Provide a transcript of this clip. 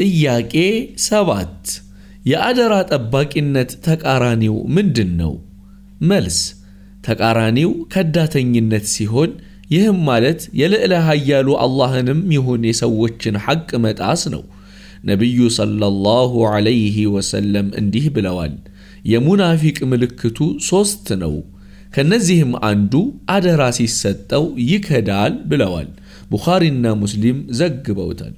ጥያቄ ሰባት የአደራ ጠባቂነት ተቃራኒው ምንድን ነው? መልስ ተቃራኒው ከዳተኝነት ሲሆን ይህም ማለት የልዕለ ኃያሉ አላህንም ይሁን የሰዎችን ሐቅ መጣስ ነው። ነቢዩ ሰለላሁ ዐለይሂ ወሰለም እንዲህ ብለዋል፣ የሙናፊቅ ምልክቱ ሦስት ነው። ከነዚህም አንዱ አደራ ሲሰጠው ይከዳል ብለዋል። ቡኻሪና ሙስሊም ዘግበውታል።